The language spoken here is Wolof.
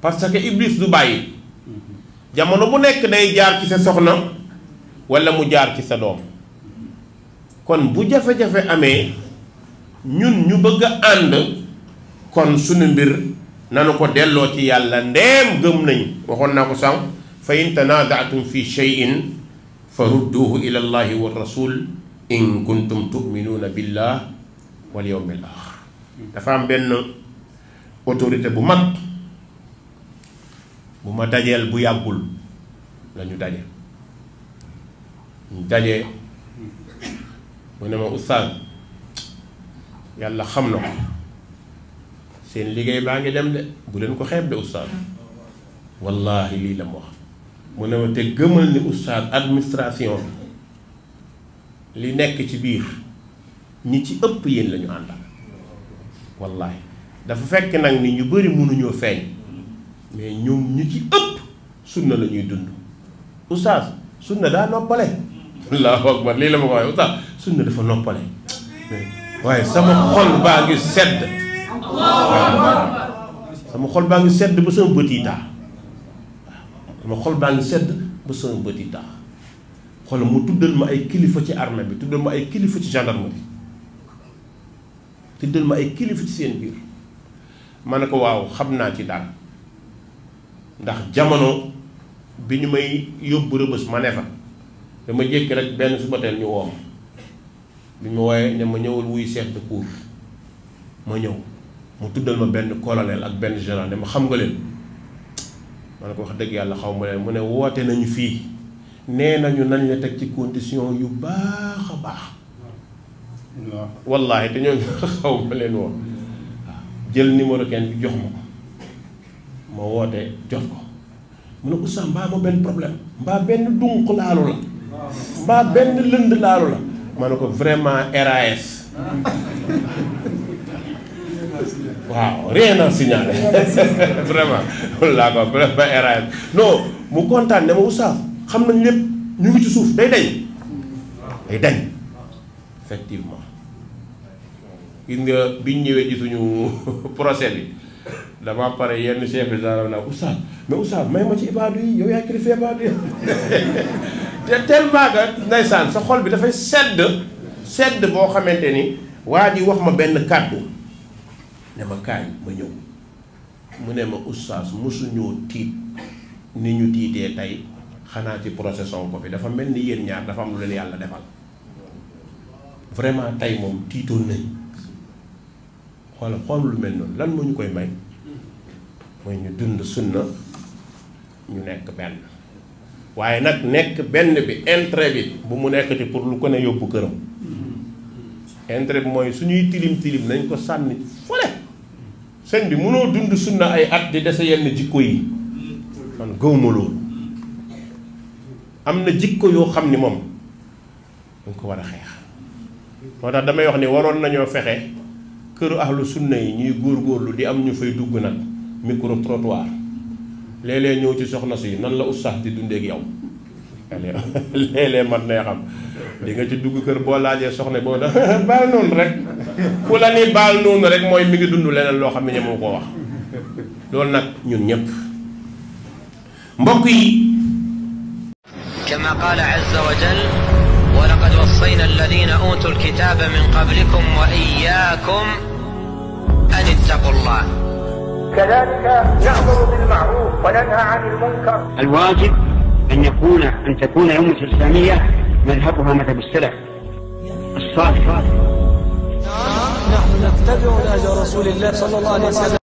parce que iblis du baye jamono bu nek day jaar ci sa soxna wala mu jaar ci sa dom kon bu jafe-jafe amé ñun ñu bëgg ànd kon suñu mbir nanu ko dello ci yàlla ndem gëm nañ waxon nako sax fa in tanada'tum fi shay'in farudduhu ila allahi wa rasul in kuntum tu'minuna billahi wal yawmil axir dafa am ben autorité bu mat bu ma dajeel bu yàggul lañu daje ñu daje mu ne ma oustaz yàlla xam na ko seen liggéey baa ngi dem de bu leen ko xeeb de oustaz wallahi lii la mu wax mu ne ma te gëmal ni oustaz administration li nekk ci biir ñi ci ëpp yéen la ñu àndal wallahi dafa fekk nag ni ñu bëri mënuñoo feeñ mais ñoom ñu ci ëpp sunna la ñuy dund oustaz sunna daa noppale allahu akbar la ma ko waxee dafa noppale waaye sama xol baa ngi sedd sama xol baa ngi sedd ba sama bët yi taa sama xol baa ngi sedd ba sama bët xol mu tuddal ma ay kilifa ci armée bi tuddal ma ay kilifa ci gendarmerie tuddal ma ay kilifa ci seen biir ma ne ko waaw xam naa ci daal ndax jamono bi ñu may yóbbu rëbës ma ne fa dama jékki rek benn suba teel ñu woo ma bi ñu wooyee ne ma ñëwul wuy chef de cour ma ñëw mu tuddal ma benn colonel ak benn général ne ma xam nga leen ma ne ko wax dëgg yàlla xaw ma leen mu ne woote nañu fii nee nañu nañ la teg ci condition yu baax a baax wallahi te ñooñu xaw ma leen woon jël numéro kenn bi jox ma ko ma wote jot ko mu ne oustaz mbaa ma benn problème mbaa benn dunq laalu la mbaa benn lënd laalu la ma ne ko vraiment RAS waaw rien à signaler vraiment loolu laa ko vraiment RAS non mu contane ne ma oustaz xam nañ lépp ñu ngi ci suuf day dañ day dañ effectivement gis nga biñ ñëwee ci suñu procès bi damaa pare yenn chef bi dara naa oustaz mais oustaz may ma ci ibaadu yi yow yaa kilifa ibaadu yi te tellement que ndeysaan sa xol bi dafay sedd sedd boo xamante ni waa ji wax ma benn kàddu ne ma ma ñëw mu ne ma oustaz mosuñoo tiit ni ñu tiitee tey xanaa ci procession ko bi dafa mel ni yéen ñaar dafa am lu leen yàlla defal vraiment tey moom tiitoon nañ xoola xool lu mel noonu lan moo ñu koy may mooy ñu dund sunna ñu nekk benn waaye nag nekk benn bi intérêt bi bu mu nekk nekkati pour lu ko ne yóbbu këram intérêt bi mooy suñuy tilim tilim nañ ko sànni fole sëñ bi mënoo dund sunna ay at di dese yenn jikko yi man gëwma loolu am na jikko yoo xam ni moom dañ ko war a xeex moo tax damay wax ni waroon nañoo fexe keur ahlu sunna yi ñuy lu di am ñu fay dugg nak micro trottoir lélé ñëw ci soxna si nan la oustaz di dundé ak yow lélé man né xam di nga ci dugg keur bo laajé soxna bo da bal non rek ku la ni bal non rek moy mi ngi dund lénen lo xam ne moko wax loolu nak ñun ñëpp mbokk yi كما قال عز وجل ولقد وصينا الذين أوتوا الكتاب من قبلكم وإياكم أن اتقوا الله كذلك نأمر بالمعروف وننهى عن المنكر الواجب أن يكون أن تكون أمة الإسلامية مذهبها مذهب السلف الصالح نحن نتبع الأجر رسول الله صلى الله عليه وسلم